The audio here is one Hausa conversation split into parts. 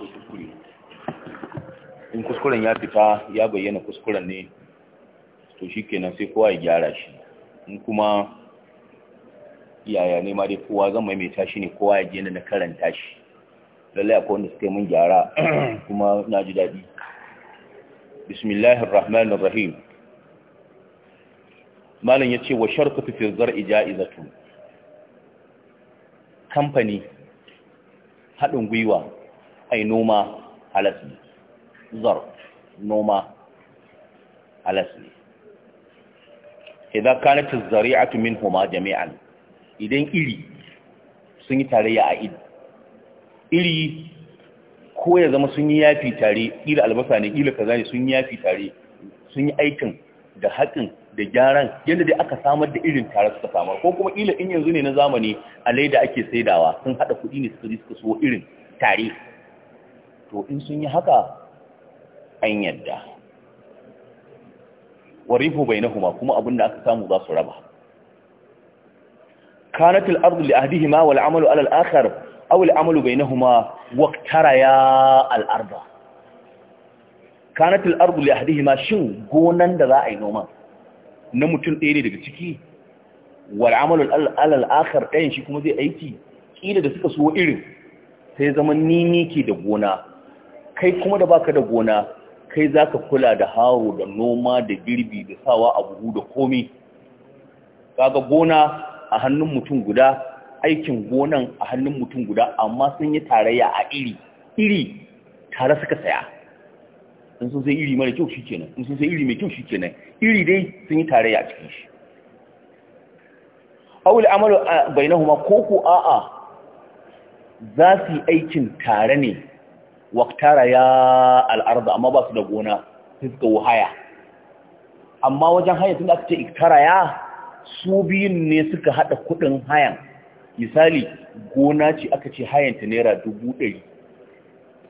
akwai kuskure in kuskuren ya fita ya bayyana kuskuren ne to shi kenan sai kowa ya gyara shi in kuma yaya ne ma dai kowa zan mai tashi ne kowa ya gina na karanta shi lallai akwai wanda suka yi mun gyara kuma na ji daɗi bismillahir rahim malam ya ce wa sharku fi ija izatu. kamfani haɗin gwiwa ai noma halas zar noma halas ne idan kanat az-zari'atu minhuma jami'an idan iri sun yi tarayya a iri iri ko ya zama sun yi yafi tare ila albasa ne ila kaza ne sun yi yafi tare sun yi aikin da haƙin da gyaran yadda dai aka samar da irin tare suka samar ko kuma ila in yanzu ne na zamani a laida ake saidawa sun haɗa kuɗi ne suka ji suka so irin tare to in sun yi haka an yadda bai nahuma kuma abinda aka samu za su raba kanatul ardu li ahdihima wal amalu ala al akhar aw al amalu bainahuma ya al arda kanatul ardu li ahdihima shin gonan da za a yi noma na mutum ɗaya ne daga ciki wal amalu ala al akhar ɗayan shi kuma zai aiki kila da suka so irin sai zaman ni ne ke da gona kai kuma da baka da gona kai zaka kula da hawo da noma da girbi da sawa a buhu da komi kaga gona a hannun mutum guda aikin gonan a hannun mutum guda amma sun yi tarayya a iri iri tare suka saya in sun sai iri mara kyau shi kenan in sun sai iri mai kyau shi kenan iri dai sun yi tarayya a cikin shi awul amalu bainahuma koko a'a za su yi aikin tare ne waktara ya al'arda amma ba su da gona suka wahaya amma wajen haya tun da aka ce iktara ya su biyun ne suka haɗa kudin hayan misali gona ce aka ce hayanta naira dubu ɗari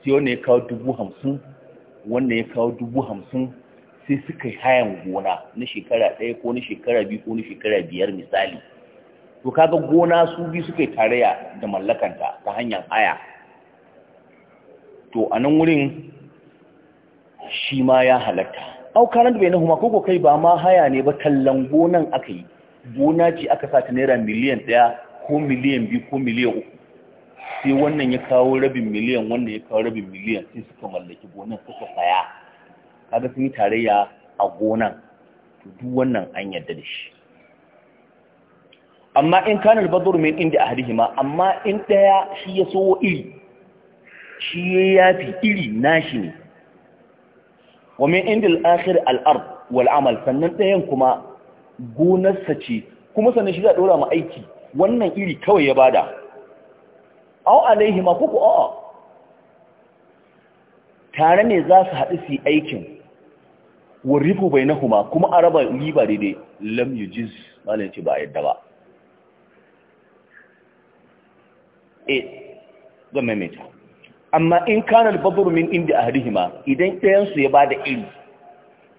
sai wanda ya kawo dubu hamsin wanda ya kawo dubu hamsin sai suka yi hayan gona na shekara ɗaya ko na shekara biyu ko na shekara biyar misali to kaga gona su biyu suka yi tarayya da mallakanta ta hanyar haya to a nan wurin shi ma ya halatta aukaran da bai nahu koko kai ba ma haya ne ba tallan gonan aka yi gona ce aka sa naira miliyan ɗaya ko miliyan biyu ko miliyan uku sai wannan ya kawo rabin miliyan wannan ya kawo rabin miliyan sai suka mallaki gonan suka saya kaga sun yi tarayya a gonan to duk wannan an yadda da shi amma in kanar badur min inda ahlihima amma in ɗaya shi ya so iri shi ya yafi iri nashi ne wa min indil akhir al-ard sannan ɗayan kuma gonarsa ce kuma sannan shi za ɗora ma aiki wannan iri kawai ya bada au alaihi ma kuku a'a tare ne za su haɗu su aikin warifu bai na kuma kuma a raba riba daidai lam Yu jiz ce ba a yadda ba e zan maimaita amma in kana al-badr min indi ahlihima idan ɗayan su ya bada iri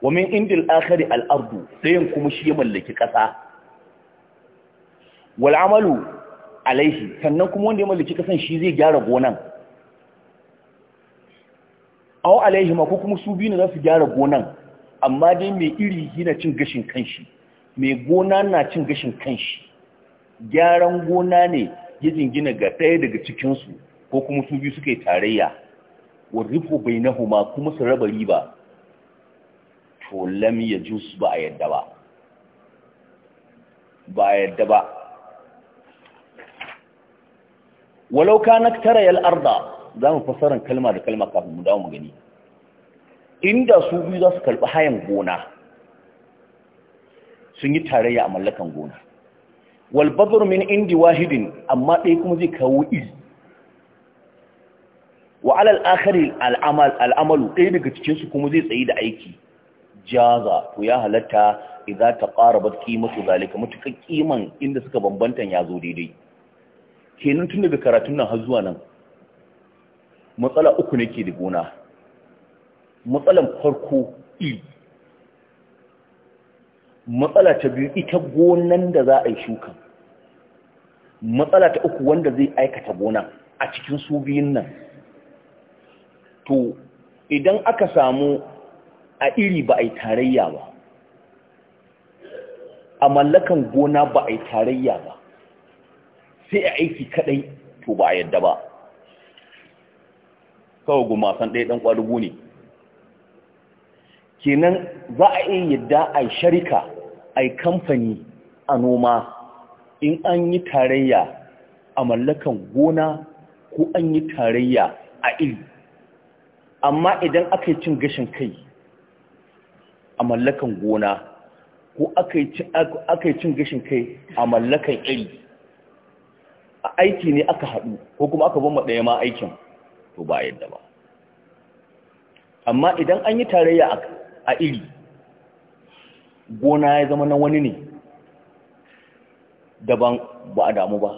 wa min indi al-akhari al ɗayan kuma shi ya mallaki ƙasa wal amalu alaihi sannan kuma wanda ya mallaki ƙasan shi zai gyara gonan aw alaihi ma ko kuma su biyu ne za su gyara gonan amma dai mai iri yana cin gashin kanshi mai gona na cin gashin kanshi gyaran gona ne ya jingina ga ɗaya daga cikinsu ko kuma su biyu suka yi tarayya warriko bai na huma kuma su raba riba to lam ya jus ba a yadda ba ba a yadda ba walau na tara yal arda za mu fasaran kalma da kalma kafin mu dawo mu gani inda su biyu za su karɓi hayan gona sun yi tarayya a mallakan gona walbabar min indi wahidin amma ɗaya kuma zai kawo iz wa alal akhari al'amalu ɗaya daga cikinsu kuma zai tsayi da aiki jaza to ya halatta idza taqarabat qimatu zalika mutukan kiman inda suka bambantan zo daidai kenan tun daga karatun nan har zuwa nan matsala uku nake da gona matsalan farko i matsala ta biyu ita gonan da za a yi shuka. matsala ta uku wanda zai aikata gona a cikin su biyun nan to idan aka samu a iri ba a yi tarayya ba a mallakan gona ba a yi tarayya ba sai a aiki kadai to ba a yadda ba kawai gumasan ɗaya ɗan ƙwadugu ne kenan za a iya yadda a sharika a kamfani a noma in an yi tarayya a mallakan gona ko an yi tarayya a iri amma idan aka yi cin gashin kai a mallakan gona ko aka yi cin gashin kai a mallakan iri a aiki ne aka haɗu ko kuma aka bamma ɗaya ma aikin to ba yadda ba amma idan an yi tarayya a iri gona ya zama na wani ne daban ba a damu ba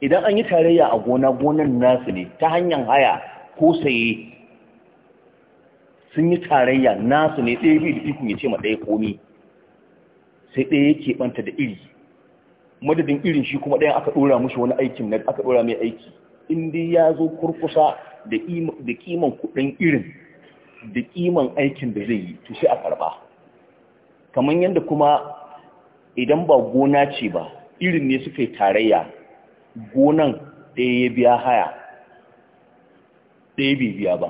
idan an yi tarayya a gona gonan nasu ne ta hanyar haya ko saye sun yi tarayya nasu ne ɗaya biyu da ikon ya ce ma ɗaya komi sai ɗaya yake banta da iri madadin irin shi kuma ɗayan aka ɗora mushi wani aikin na aka ɗora mai aiki in dai ya zo kurkusa da kiman kuɗin irin da kiman aikin da zai yi to sai a karɓa kamar yadda kuma idan ba gona ce ba irin ne suka yi tarayya gonan ɗaya ya biya haya ɗaya bai biya ba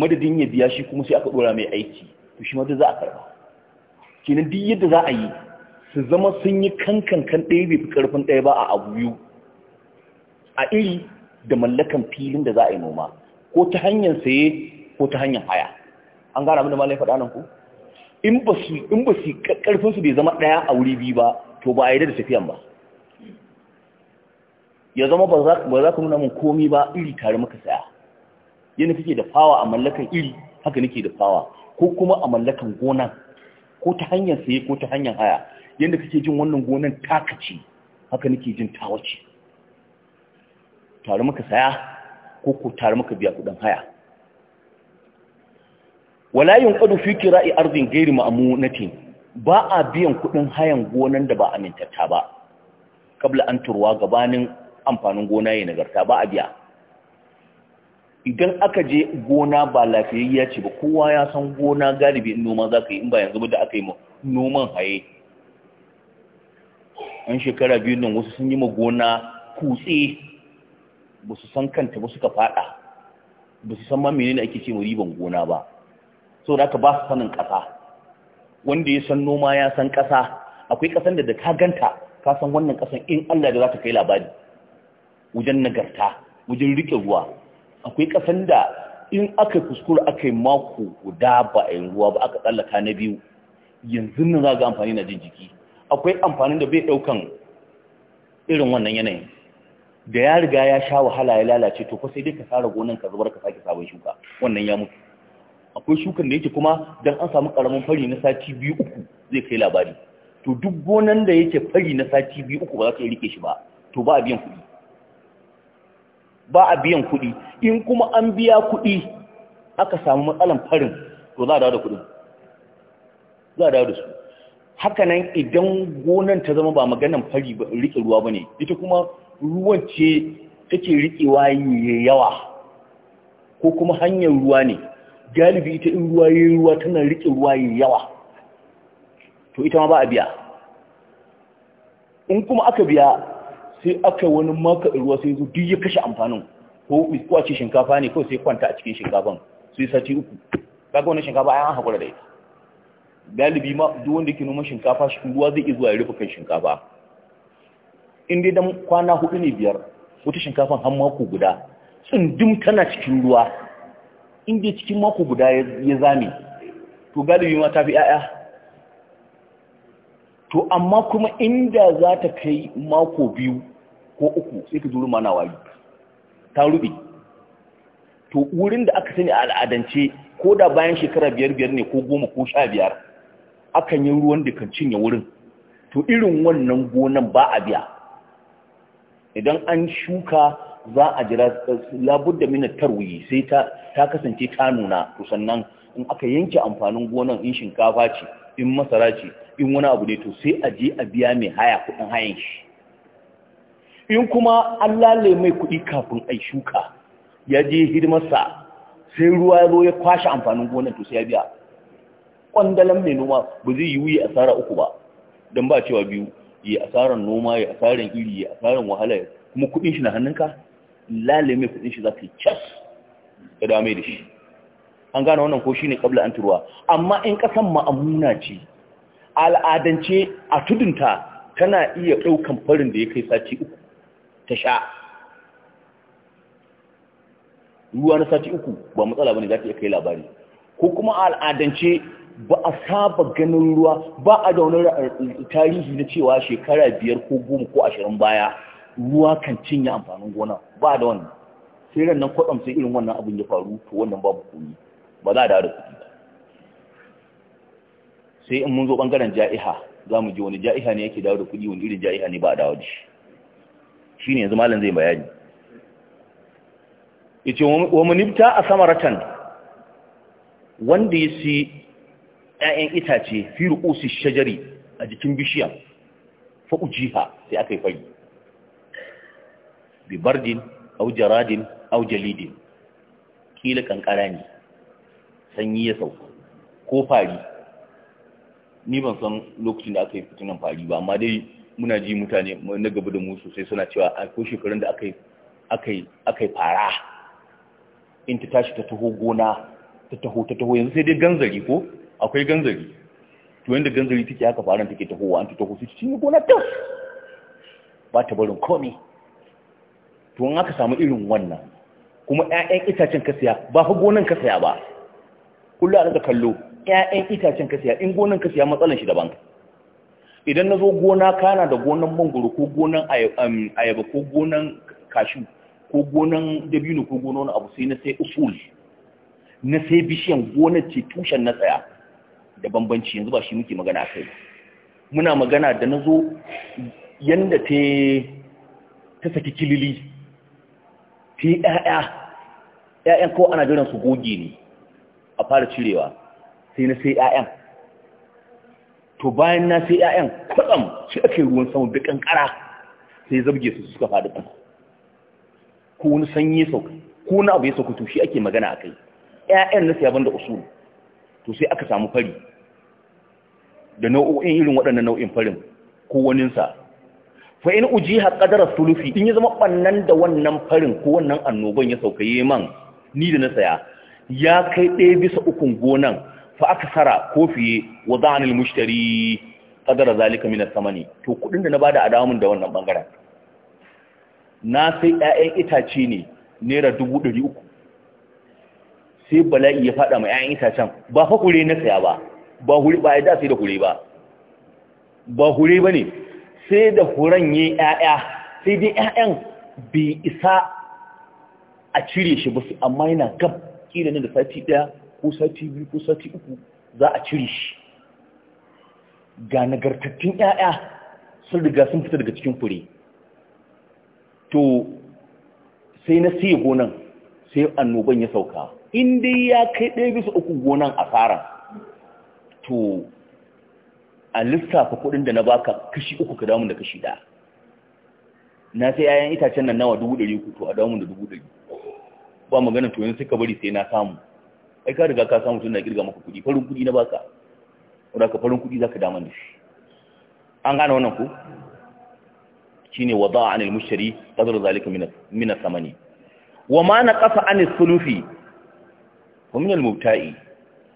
madadin ya biya shi kuma sai aka dora mai aiki to shi madadin za a karba kenan duk yadda za a yi su zama sun yi kankan kan ɗaya bai fi ƙarfin ɗaya ba a abu biyu a iri da mallakan filin da za a yi noma ko ta hanyar saye ko ta hanyar haya an gara abin da malai faɗa nan ku in ba su in ba su ƙarfin su bai zama ɗaya a wuri biyu ba to ba a yarda da tafiyan ba ya zama ba za ku nuna min komi ba iri tare muka saya yana kake da fawa a mallakan iri haka nake da fawa ko kuma a mallakan gona ko ta hanyar saye ko ta hanyar haya yadda kake jin wannan gonan taka ce haka nake jin tawa ce tare muka saya ko ko tare muka biya kudin haya wala yunqadu fi kira'i ardin ghairi ma'munatin ba a biyan kudin hayan gonan da ba amintatta ba kabla an turwa gabanin amfanin gona ya nagarta ba a biya idan aka je gona ba lafiyayya ce ba kowa ya san gona galibi noma za ka yi in ba yanzu da aka yi noman haye an shekara biyu nan wasu sun yi ma gona kutse ba su san kanta ba suka fada ba su san ma menene ake ce ma riban gona ba so da aka ba su sanin ƙasa wanda ya san noma ya san ƙasa akwai ƙasan da da ka ganta ka san wannan ƙasan in Allah da za ta kai labari wajen nagarta wajen riƙe ruwa akwai kasan da in aka kuskura aka yi mako guda ba a yin ruwa ba aka tsallaka na biyu yanzu nan za ga amfani na jin jiki akwai amfanin da bai ɗaukan irin wannan yanayin da ya riga ya sha wahala ya lalace to fa sai dai ka fara gonan ka zubar ka sake sabon shuka wannan ya mutu akwai shukan da yake kuma dan an samu karamin fari na sati biyu uku zai kai labari to duk gonan da yake fari na sati biyu uku ba za ka rike shi ba to ba a biyan kuɗi ba a biyan kuɗi in kuma an biya kuɗi aka samu matsalan farin to za a dawo da kuɗin za a dawo da su hakanan idan gonan ta zama ba maganan fari ba rike ruwa ba ne ita kuma ruwan ce take riƙewa ya yawa ko kuma hanyar ruwa ne galibi ita in ruwa ya ruwa tana rike ruwa ya yawa to ita ma ba a biya in kuma aka biya sai aka wani maka ruwa sai zo duk ya kashe amfanin ko kwace shinkafa ne ko sai kwanta a cikin shinkafan sai sati uku kaga wannan shinkafa ai an hakura da ita galibi ma duk wanda ke noma shinkafa shi ruwa zai iya zuwa ya rufe kan shinkafa in dai dan kwana hudu ne biyar wata shinkafan har mako guda tsundum tana cikin ruwa in dai cikin mako guda ya zame to galibi ma ta fi 'ya'ya to amma kuma inda za ta kai mako biyu ko uku sai ka duru mana wayi ta rubi to wurin da aka sani a al'adance ko da bayan shekara biyar biyar ne ko goma ko sha biyar akan yi ruwan da kan cinye wurin to irin wannan gonan ba a biya idan an shuka za a jira labudda mina tarwi sai ta ta kasance ta nuna to sannan in aka yanke amfanin gonan in shinkafa ce in masara ce in wani abu ne to sai a je a biya mai haya kudin hayan shi in kuma an lale mai kuɗi kafin a shuka ya je hidimarsa sai ruwa ya zo ya kwashe amfanin gonar to sai ya biya kwandalan mai noma ba zai yiwu ya asara uku ba don ba cewa biyu yi asaran noma yi asaran iri yi asaran wahala ya kuma kuɗin shi na hannunka lale mai kuɗin shi za ka yi cas ya dame da shi an gane wannan ko shi ne kabla an turwa amma in ƙasan ma'amuna ce al'adance a tudunta tana iya ɗaukan farin da ya kai sati uku ta sha ruwa na sati uku ba matsala bane za ta iya kai labari ko kuma a al'adance ba a saba ganin ruwa ba a da wani tarihi na cewa shekara biyar ko goma ko ashirin baya ruwa kan cinye amfanin gona ba da wannan sai ran nan kwatsam sai irin wannan abin ya faru to wannan babu kuɗi ba za a dawo da kuɗi ba sai in mun zo ɓangaren ja'iha za mu ji wani ja'iha ne yake dawo da kuɗi wani irin ja'iha ne ba a dawo da shi ne yanzu malam zai bayani ce, wa a samaratan wanda ya si 'ya'yan itace fi rukusi shajari a jikin bishiya fa ujiha sai aka yi fari Bibardin, bardin aujalidin au kila kankara ne sanyi ya sauka ko fari ni ban san lokacin da aka yi fitunan fari ba amma dai muna ji mutane na gaba da mu sosai suna cewa a ko shekarun da aka yi fara in ta tashi ta taho gona ta taho ta taho yanzu sai dai ganzari ko akwai ganzari to yanda ganzari take haka faran take wa an ta taho su cikin gona ta ba ta barin komi to in aka samu irin wannan kuma 'ya'yan itacen ka siya ba fa gonan ka siya ba kullu a daga kallo 'ya'yan itacen ka siya in gonan ka siya matsalan shi daban idan na zo gona kana da gonan mangoro ko gonan ayaba ko gonan kashu ko gonan dabino ko gonan abu sai na sai usul na sai bishiyan gonar ce tushen na tsaya da bambanci yanzu ba shi muke magana kai muna magana da na zo yadda ta saki kilili ta yi ɗaya ko ana jiran su goge ne a fara cirewa sai na sai yayan to bayan na sai 'ya'yan kwatsam shi ake ruwan sama da ƙanƙara sai zabge su suka faɗi ƙasa ko wani sanyi sauka ko wani abu ya sauka to shi ake magana a kai 'ya'yan na siya banda usuru to sai aka samu fari da nau'o'in irin waɗannan nau'in farin ko waninsa fa in ujiha qadara sulufi in ya zama ɓannan da wannan farin ko wannan annoban ya sauka man ni da na saya ya kai ɗaya bisa ukun gonan fa aksara ko fiye wa da'an mushtari qadara zalika min samani to kudin da na bada adamun da wannan bangaren na sai ƴaƴan itace ne naira 300 sai bala'i ya fada ma ƴaƴan itacen ba fa kure na saya ba ba hure ba ya dace da hure ba ba hure bane sai da huran yi ƴaƴa sai dai ƴaƴan bai isa a cire shi ba su amma yana gab kila ne da sati ɗaya. ko sati biyu ko sati uku za a cire shi ga nagartattun 'ya'ya sun riga sun fita daga cikin fure to sai na siya gonan sai annoban ya sauka in dai ya kai ɗaya bisa uku gonan a fara. to a lissafa kuɗin da na baka kashi uku ka damu da kashi ɗaya na sai 'ya'yan itacen nan nawa dubu ɗari uku to a damu da dubu ɗari ba magana to yin suka bari sai na samu ai ka riga ka samu tun kirga maka kudi farin kuɗi na baka wanda ka farin kuɗi zaka daman da shi an gane wannan ku shine wada'a anil mushtari qadar zalika min min samani wa ma naqasa anil sulufi wa min al mubta'i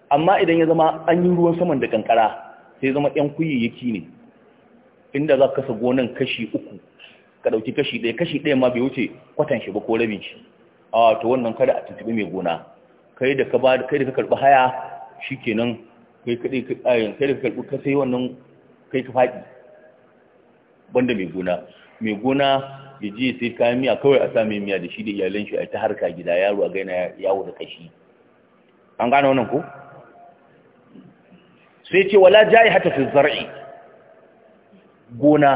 amma idan ya zama an yi ruwan saman da kankara sai zama yan kuyayyaki ne inda za ka kasa gonan kashi uku ka dauki kashi ɗaya kashi ɗaya ma bai wuce kwatan shi ba ko rabin shi a to wannan kada a tuntuɓi mai gona kai da ka ba kai da ka karbi haya shikenan kai kadai kai da ka karbi ka sai wannan kai ka faɗi banda mai gona mai gona ya je sai kayan miya kawai a sami miya da shi da iyalan shi a ta harka gida yaro a gaina yawo da kashi an gane wannan ko sai ce wala jayi hata fi zar'i gona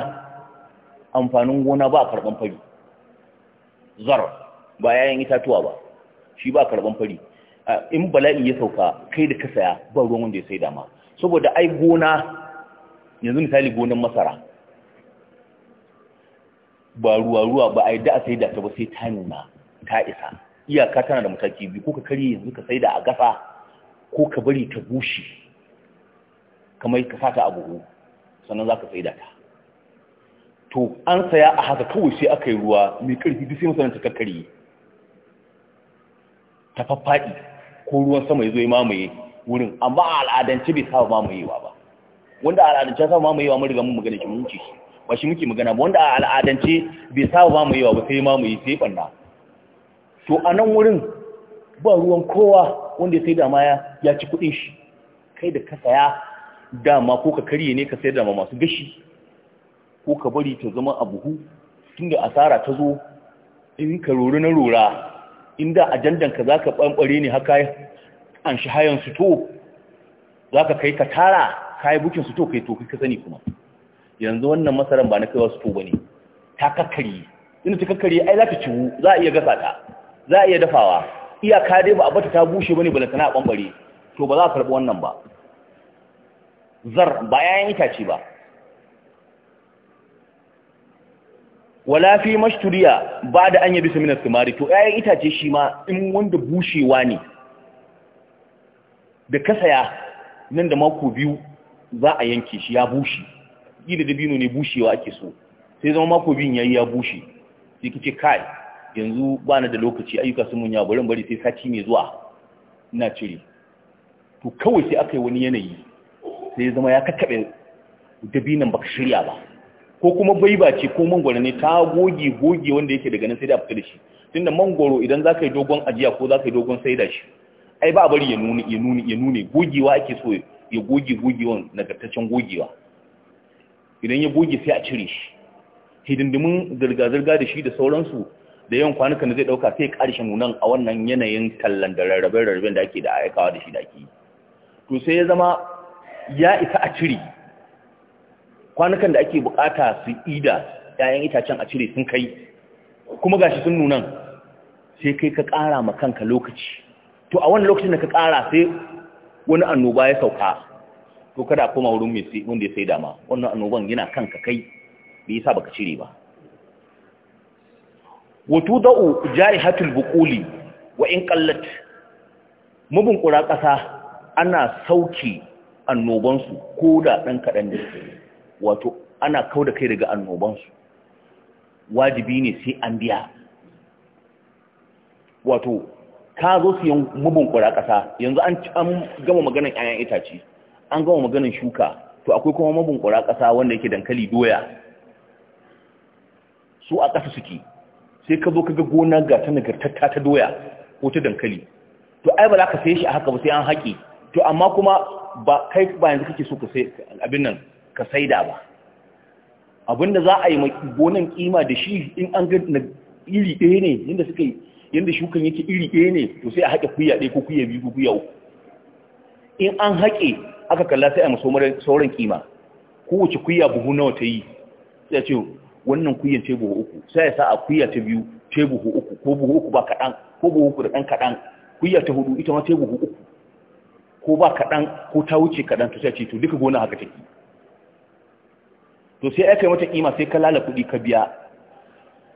amfanin gona ba karban fari zar ba yayin itatuwa ba shi ba karban fari in bala'in ya sauka kai da ka saya ba ruwan wanda ya sai dama saboda ai gona yanzu misali gonan masara ba ruwa ruwa ba a da a sai da ta ba sai ta nuna ta isa iyaka tana da mataki biyu ko ka kare yanzu ka sai da a gasa ko ka bari ta bushe kamar ka sata a buhu sannan za ka sai da ta to an saya a haka kawai sai aka yi ruwa mai ƙarfi duk sai masarar ta kakkarye ta faffaɗi ko ruwan sama ya zo ya mamaye wurin amma a al'adance bai saba mamayewa ba wanda a al'adance saba mamayewa mun riga mun magana shi mun ci ba shi muke magana ba wanda a al'adance bai saba mamayewa ba sai mamaye sai banna to a nan wurin ba ruwan kowa wanda ya sai ma ya ci kuɗin shi kai da ka saya dama ko ka karye ne ka sayar da masu gashi ko ka bari ta zama a buhu tunda asara ta zo in ka rori na rora inda ajandan ka zaka bambare ne haka an shi hayan su to ka kai ka tara kai bukin su to kai to ka sani kuma yanzu wannan masaran ba na kaiwa su to bane ta kakkare inda ta kakkare ai za ta ciwu za a iya gasa ta za a iya dafawa iyaka dai ba a bata ta bushe bane bala a bambare to ba za a karbi wannan ba zar ba yayan itace ba wala fi mashturiya ba da an yabi bisa minas kumari to ‘ya'yan itace shi ma in wanda bushewa ne da kasaya nan da mako biyu za a yanke shi ya bushe da dabino ne bushewa ake so sai zama mako biyun yayi ya bushe sai kace kai yanzu ba na da lokaci ayyuka sun munya ya bari bari sai sati mai zuwa ina cire to kawai sai aka yi wani yanayi sai zama ya kakkaɓe dabinan baka shirya ba ko kuma baiba ce ko mangwaro ne ta goge goge wanda yake daga nan sai da fita da shi tunda mangwaro idan za yi dogon ajiya ko za ka yi dogon sai shi ai ba bari ya nuni ya nuni ya nuni gogewa ake so ya goge gogewan nagartaccen gogewa idan ya goge sai a cire shi hidindimin zirga-zirga da shi da sauransu da yawan kwanukan da zai dauka sai karshen nunan a wannan yanayin tallan da rarrabe-rarraben da ake da aikawa da shi da ake to sai ya zama ya isa a cire kwanukan da ake bukata su ida ‘ya'yan itacen a cire sun kai kuma gashi sun nunan sai kai ka ƙara ma kanka lokaci to a wani lokacin da ka ƙara sai wani annoba ya sauka to kada a koma wurin mai wanda ya sai dama wannan annoban yana kanka kai bai sa baka cire ba wato da'u hatul buquli wa in kallat ƙura ƙasa ana sauki annobansu ko da ɗan kaɗan da su wato ana kau da kai daga annobansu wajibi ne sai an biya wato ka zo siyan mabin ƙasa yanzu an gama maganin 'ya'yan itace an gama maganin shuka to akwai kuma mabin ƙasa wanda yake dankali doya su a ƙasa suke sai ka zo kaga gona ga ta nagartatta ta doya ko ta dankali to ai ba za ka sai shi a haka ba sai an haƙi to amma kuma ba kai ba yanzu kake so ka sai abin nan ka saida ba abinda za a yi gonan kima da shi in an ga iri ɗaya ne yadda suka yi yadda shukan yake iri ɗaya ne to sai a haƙe kuya ɗaya ko kuya biyu ko kuya uku in an haƙe aka kalla sai a masu sauran kima kowace kuya buhu nawa ta yi sai ce wannan kuya ce buhu uku sai ya sa a kuya ta biyu ce buhu uku ko buhu uku ba kaɗan ko buhu uku da ɗan kaɗan kuya ta hudu ita ma ce buhu uku ko ba kaɗan ko ta wuce kaɗan to sai ce to duka gona haka take to sai aka yi mata kima sai ka lala kuɗi ka biya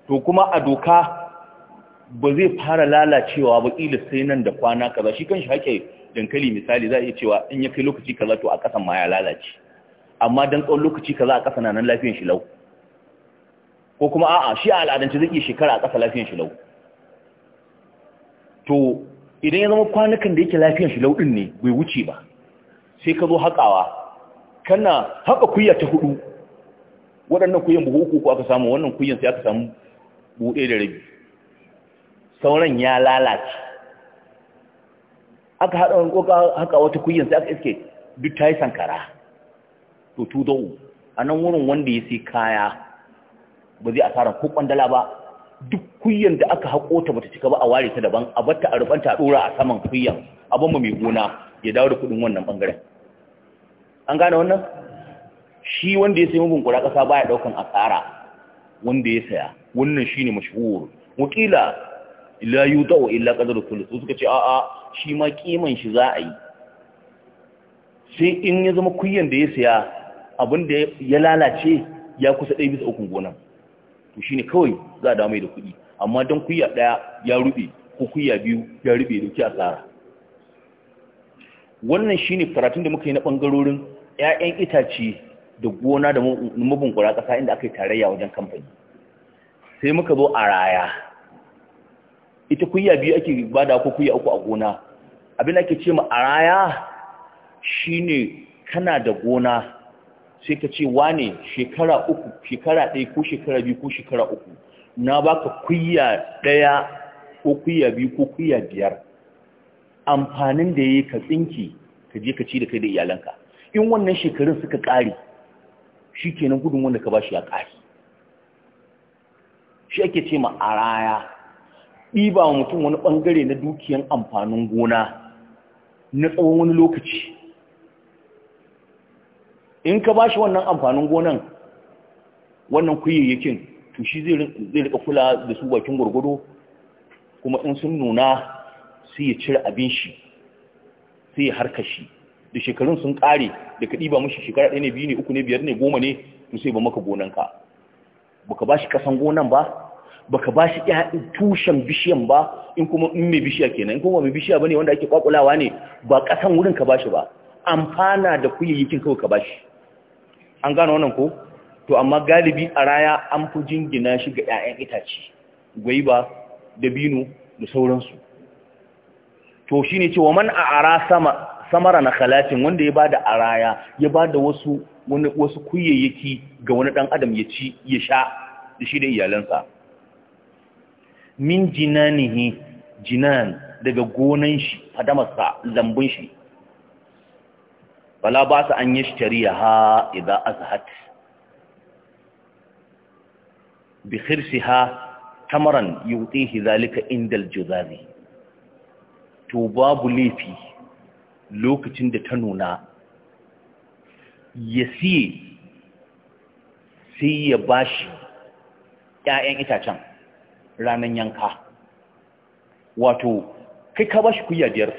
to kuma a doka ba zai fara lalacewa ba ƙila sai nan da kwana kaza shi kan shi haƙe dankali misali za a iya cewa in ya kai lokaci kaza to a ƙasan ma ya lalace amma dan tsawon lokaci kaza a ƙasa na nan lafiyan shi lau ko kuma a'a shi a al'adance zai iya shekara a ƙasa lafiyan shi lau to idan ya zama kwanukan da yake lafiyan shi lau ɗin ne bai wuce ba sai ka zo haƙawa kana haƙa kuyya ta hudu waɗannan kuyin buhu uku ko aka samu wannan kuyin sai aka samu buhu da rabi sauran ya lalace aka haɗa wani ƙoƙa haka wata kuyin sai aka iske duk ta yi sankara to tu da'u a nan wurin wanda ya sai kaya ba zai asara ko ƙwandala ba duk kuyin da aka haƙo ta bata cika ba a ware ta daban a batta a rubanta a ɗora a saman kuyin abin mu mai gona ya dawo da kuɗin wannan ɓangaren an gane wannan shi wanda ya sai mugun kura ƙasa baya ɗaukan asara wanda ya saya wannan shine mashhur wakila la yutau illa qadru kullu suka ce a'a shi ma kiman shi za a yi sai in ya zama kuyyan da ya saya abin da ya lalace ya kusa ɗaya bisa ukun gonan to shine kawai za a dawo mai da kuɗi amma don kuyya ɗaya ya rube ko kuyya biyu ya rube dauki asara wannan shine karatun da muka yi na bangarorin 'ya'yan itace da gona da mabunkura ƙasa inda aka yi tarayya wajen kamfani sai muka zo a raya ita kuyya biyu ake ba da ko kuyya uku a gona abin ake ce ma a raya shine kana da gona sai ka ce ne shekara uku shekara ɗaya ko shekara biyu ko shekara uku na baka kuyya ɗaya ko kuyya biyu ko kuyya biyar amfanin da ya yi ka tsinki ka je ka ci da kai da iyalanka in wannan shekarun suka ƙare shi kenan gudun wanda ka bashi ya ƙari shi ake ce ma a raya ɗiba wa mutum wani ɓangare na dukiyan amfanin gona na tsawon wani lokaci in ka bashi wannan amfanin gonan wannan kuyayyakin to shi zai rika kula da su bakin gwargwado kuma in sun nuna sai ya cire abin shi sai ya harka shi da shekarun sun kare da ka ɗiba mashi shekara ɗaya ne biyu ne uku ne biyar ne goma ne to sai ba maka gonanka baka ba shi kasan gonan ba baka ba shi tushen bishiyan ba in kuma in mai bishiya kenan in kuma mai bishiya bane wanda ake kwakulawa ne ba kasan wurin ka ba shi ba amfana da kuyayyakin kawai ka ba shi an gano wannan ko to amma galibi a raya an fi jingina shi ga 'ya'yan itace gwaiba dabino da sauransu to shine cewa man a ara sama samara na khalatin wanda ya bada araya ya bada wasu wani wasu kuyayyaki ga wani dan adam ya ci ya sha da shi da iyalansa min jinanihi jinan daga gonan shi fadamarsa lambun shi Bala ba su an yashtariya ha idan azhat bi khirsiha tamaran yutihi zalika indal juzazi to babu lafi lokacin da ta nuna ya siye sai ya ba shi ‘ya'yan itacen ranar yanka wato kai ka ba shi kuya biyar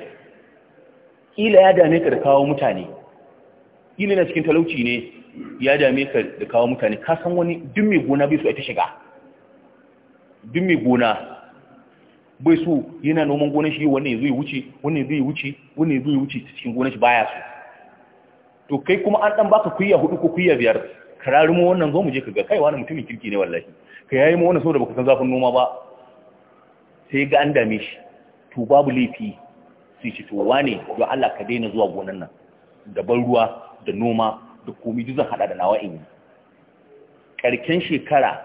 ƙila ya dame ka da kawo mutane ƙila na cikin talauci ne ya dame ka da kawo mutane ka san wani dummi mai gona bai su ita shiga dummi gona bai su yana noman gonar shi wanne zai wuce wannan zai wuce wannan zai wuce cikin gonar shi baya su. to kai kuma an dan baka kuyya hudu ko kuyya biyar kararimo wannan zo mu je ka ga kai wani mutumin kirki ne wallahi ka yayi mu wannan saboda baka san zafin noma ba sai ga an dame shi to babu laifi sai shi to wane don Allah ka daina zuwa gonan nan da ban ruwa da noma da komai duk zan hada da nawa in karken shekara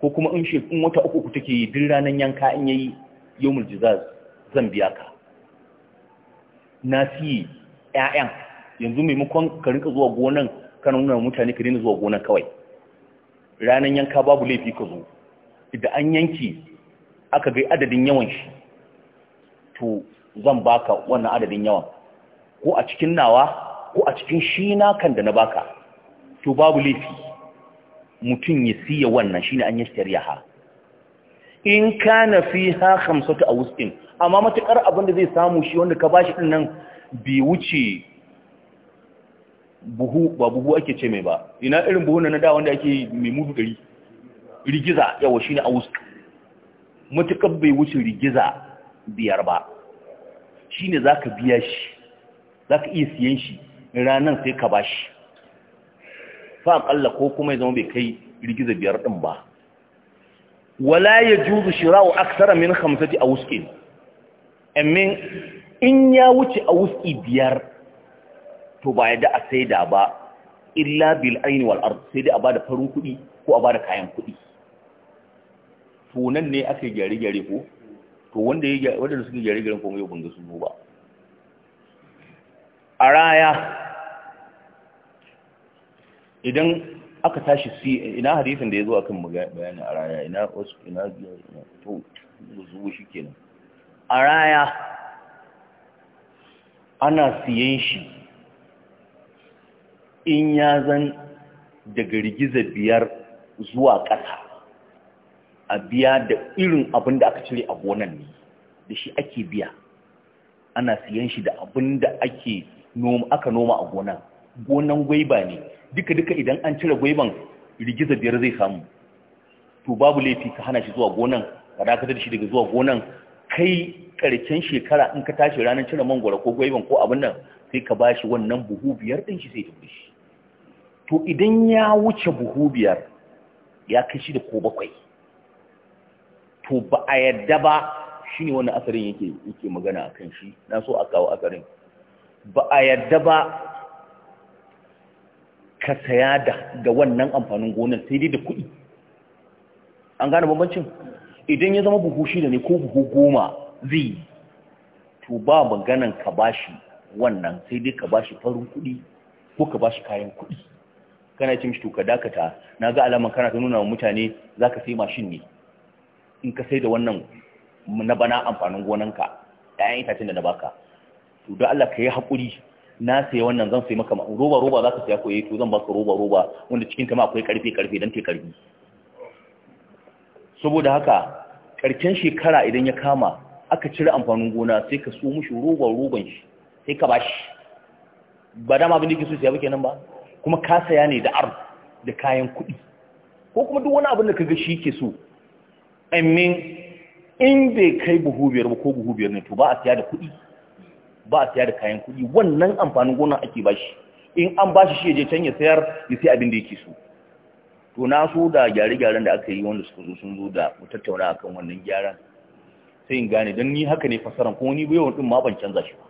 ko kuma in wata uku take yi duk ranar yanka in yayi yawmul jizaz zan biya ka na siye ƴaƴan yanzu maimakon ka rinka zuwa gonan kana nuna mutane ka daina zuwa gonan kawai ranan yanka babu laifi ka zo idan an yanki aka ga adadin yawan shi to zan baka wannan adadin yawan ko a cikin nawa ko a cikin shi kan da na baka to babu laifi mutum ya siya wannan shine an yi shari'a in kana fi hamsatu a wuskin, amma matuƙar abin zai samu shi wanda ka ba shi ɗin nan bi wuce buhu ba buhu ake ce mai ba ina irin buhu na da wanda ake mai mudu ɗari? rigiza yawa a wuskin. Matuƙar bai wuce rigiza biyar ba Shi ne za ka biya shi za ka iya siyan shi ranar sai ka shi. fa akalla ko kuma ya zama bai kai rigiza biyar ɗin ba wala ya yajuzu shira'u aksara min a awsqin amin in ya wuce a awsqi biyar to ba yadda a saida ba illa bil aini wal ard sai dai a bada farin kuɗi ko a bada kayan kuɗi to nan ne aka gyare gyare ko to wanda ya wanda suke gyare gyaren ko yau ban ga su ba a raya idan aka tashi si ina hadisin da ya zo a kan bayani a raya ina wasu ina to zuwa shi nan a raya ana siyan shi in ya zan daga rigiza biyar zuwa ƙasa a biya da irin abin da aka cire a gonan ne da shi ake biya ana siyan shi da abin da aka noma a gonan gonan gwaiba ne duka-duka idan an cire gwaiban rigizar biyar zai samu to babu laifi ka hana shi zuwa gonan ka dakatar shi daga zuwa gonan kai karshen shekara in ka tashi ranar cire mangwara ko gwaiban ko abin nan sai ka ba shi wannan buhu biyar ɗin shi sai tafi shi to idan ya wuce buhu biyar ya kai shi da ko bakwai to ba a yadda ba shi ne wannan asarin yake magana a kan shi na so a kawo asarin ba a yadda ba ka saya da wannan amfanin gonar sai dai da kuɗi an gane bambancin idan ya zama buhu shida ne ko buhu goma zai to ba maganan ka bashi wannan sai dai ka bashi farin kuɗi ko ka bashi kayan kuɗi kana cin shi to ka dakata na ga alaman kana ta nuna wa mutane za ka sai mashin ne in ka sai da wannan na bana amfanin gonanka 'ya'yan itacen da na baka to don Allah ka yi haƙuri na sayi wannan zan sai maka roba roba za ka saya ko yayi eh, to zan baka roba roba wanda cikin ta ma akwai karfe karfe dan ta karfi saboda haka karken shekara idan ya kama aka cire amfanin gona sai ka so mushi roba roban shi sai ka bashi ba dama abin da yake so sai ba nan ba kuma ka saya ne da ar da kayan kuɗi ko kuma duk wani abin da ka ga shi ke so amin in bai kai buhu biyar ba ko buhu biyar ne to ba a saya da kuɗi ba a sayar da kayan kuɗi wannan amfanin gona ake bashi in an bashi shi je can ya sayar ya sai abin da yake so to na so da gyare-gyaren da aka yi wanda suka zo sun zo da mu tattauna akan wannan gyaran sai in gane don ni haka ne fasaran kuma ni bayan din ma ban canza shi ba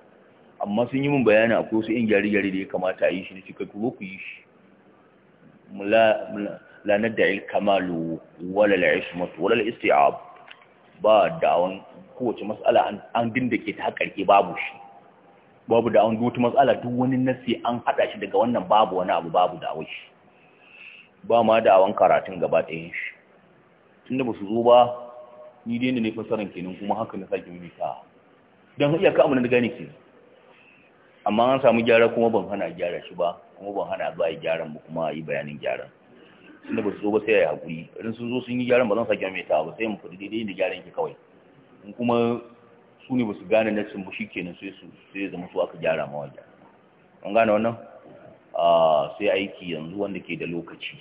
amma sun yi min bayani akwai wasu in gyare-gyare da ya kamata a yi shi ne cikin ku ku yi shi la nadda il kamalu wala la ismatu wala la isti'ab ba dawon kowace mas'ala an dindake ta haƙarƙe babu shi babu da an wata matsala duk wani nasi an haɗa shi daga wannan babu wani abu babu da awai ba ma da awan karatun gaba ɗayan shi da ba su zo ba ni dai ne fasaran kenan kuma haka na sake rubuta don iya ka amina da gane ke amma an samu gyara kuma ban hana gyara shi ba kuma ban hana ba yi gyaran ba kuma yi bayanin gyaran da ba su zo ba sai ya haƙuri idan sun zo sun yi gyaran ba zan sake wani ta ba sai mu fadi daidai da gyaran ke kawai in kuma su ne ba su gane nassin ba shi kenan sai su sai zama su aka gyara ma wajen an gane wannan sai aiki yanzu wanda ke da lokaci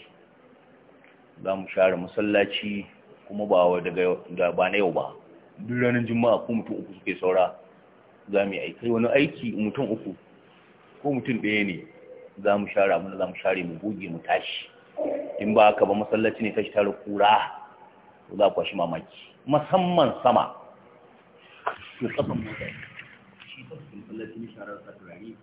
za mu share masallaci kuma ba daga ba na yau ba duk ranar juma'a ko mutum uku suke saura za mu yi aiki wani aiki mutum uku ko mutum ɗaya ne za mu share abin da za mu share mu goge mu tashi in ba ka ba masallaci ne kashi tare kura za ku kwashi mamaki musamman sama to kafan mota shi ba su kullatin sharar sa turare